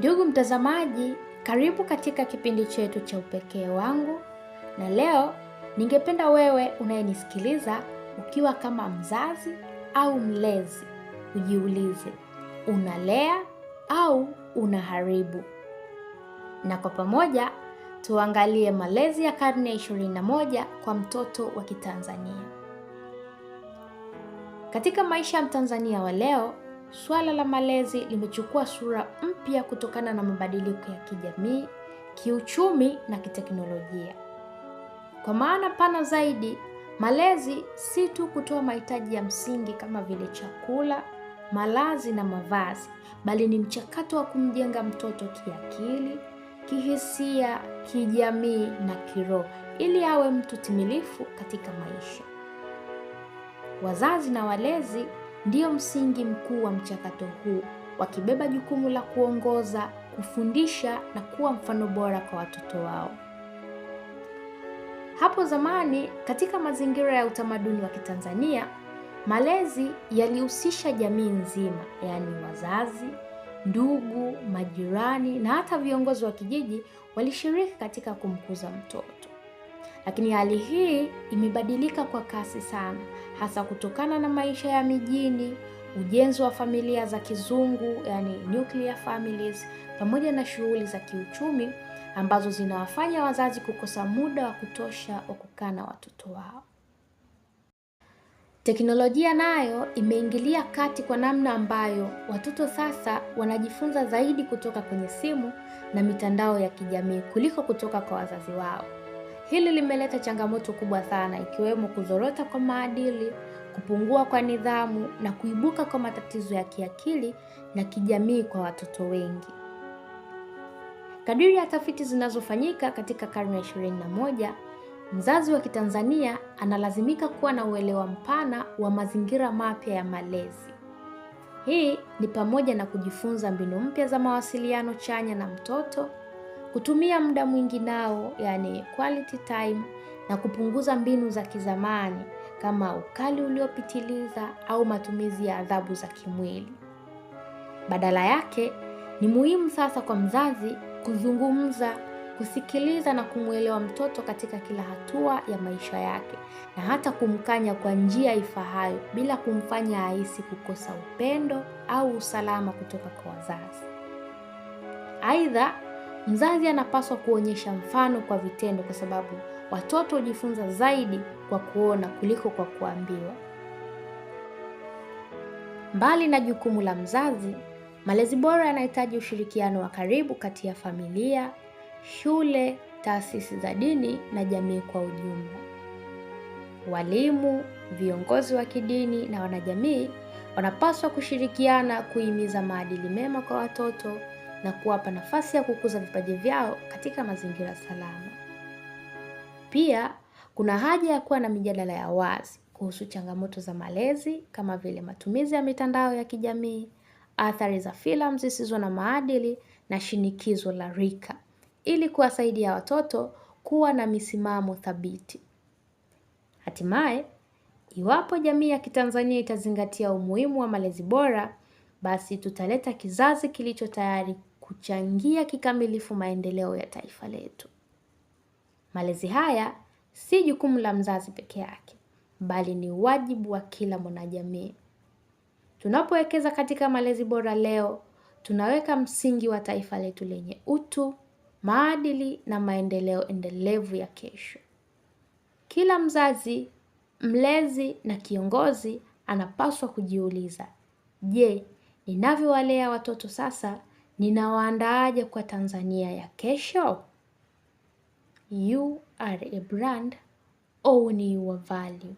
Ndugu mtazamaji, karibu katika kipindi chetu cha Upekee wangu, na leo ningependa wewe unayenisikiliza ukiwa kama mzazi au mlezi ujiulize, unalea au unaharibu? Na kwa pamoja tuangalie malezi ya karne ya 21 kwa mtoto wa Kitanzania. Katika maisha ya Mtanzania wa leo Swala la malezi limechukua sura mpya kutokana na mabadiliko ya kijamii, kiuchumi na kiteknolojia. Kwa maana pana zaidi, malezi si tu kutoa mahitaji ya msingi kama vile chakula, malazi na mavazi, bali ni mchakato wa kumjenga mtoto kiakili, kihisia, kijamii na kiroho ili awe mtu timilifu katika maisha. Wazazi na walezi ndiyo msingi mkuu wa mchakato huu, wakibeba jukumu la kuongoza, kufundisha na kuwa mfano bora kwa watoto wao. Hapo zamani, katika mazingira ya utamaduni wa Kitanzania, malezi yalihusisha jamii nzima, yaani wazazi, ndugu, majirani na hata viongozi wa kijiji walishiriki katika kumkuza mtoto. Lakini hali hii imebadilika kwa kasi sana, hasa kutokana na maisha ya mijini, ujenzi wa familia za kizungu, yani nuclear families, pamoja na shughuli za kiuchumi ambazo zinawafanya wazazi kukosa muda wa kutosha wa kukaa na watoto wao. Teknolojia nayo imeingilia kati kwa namna ambayo watoto sasa wanajifunza zaidi kutoka kwenye simu na mitandao ya kijamii kuliko kutoka kwa wazazi wao. Hili limeleta changamoto kubwa sana, ikiwemo kuzorota kwa maadili, kupungua kwa nidhamu na kuibuka kwa matatizo ya kiakili na kijamii kwa watoto wengi. Kadiri ya tafiti zinazofanyika katika karne ya 21, mzazi wa Kitanzania analazimika kuwa na uelewa mpana wa mazingira mapya ya malezi. Hii ni pamoja na kujifunza mbinu mpya za mawasiliano chanya na mtoto kutumia muda mwingi nao, yani quality time, na kupunguza mbinu za kizamani kama ukali uliopitiliza au matumizi ya adhabu za kimwili. Badala yake, ni muhimu sasa kwa mzazi kuzungumza, kusikiliza na kumwelewa mtoto katika kila hatua ya maisha yake na hata kumkanya kwa njia ifahayo bila kumfanya ahisi kukosa upendo au usalama kutoka kwa wazazi. Aidha, Mzazi anapaswa kuonyesha mfano kwa vitendo, kwa sababu watoto hujifunza zaidi kwa kuona kuliko kwa kuambiwa. Mbali na jukumu la mzazi, malezi bora yanahitaji ushirikiano wa karibu kati ya familia, shule, taasisi za dini na jamii kwa ujumla. Walimu, viongozi wa kidini na wanajamii wanapaswa kushirikiana kuhimiza maadili mema kwa watoto na kuwapa nafasi ya kukuza vipaji vyao katika mazingira salama. Pia kuna haja ya kuwa na mijadala ya wazi kuhusu changamoto za malezi kama vile matumizi ya mitandao ya kijamii, athari za filamu zisizo na maadili na shinikizo la rika, ili kuwasaidia watoto kuwa na misimamo thabiti. Hatimaye, iwapo jamii ya Kitanzania itazingatia umuhimu wa malezi bora, basi tutaleta kizazi kilicho tayari kuchangia kikamilifu maendeleo ya taifa letu. Malezi haya si jukumu la mzazi peke yake, bali ni wajibu wa kila mwanajamii. Tunapowekeza katika malezi bora leo, tunaweka msingi wa taifa letu lenye utu, maadili na maendeleo endelevu ya kesho. Kila mzazi, mlezi na kiongozi anapaswa kujiuliza, je, ninavyowalea watoto sasa Ninawaandaaje kwa Tanzania ya kesho? You are a brand, own your value.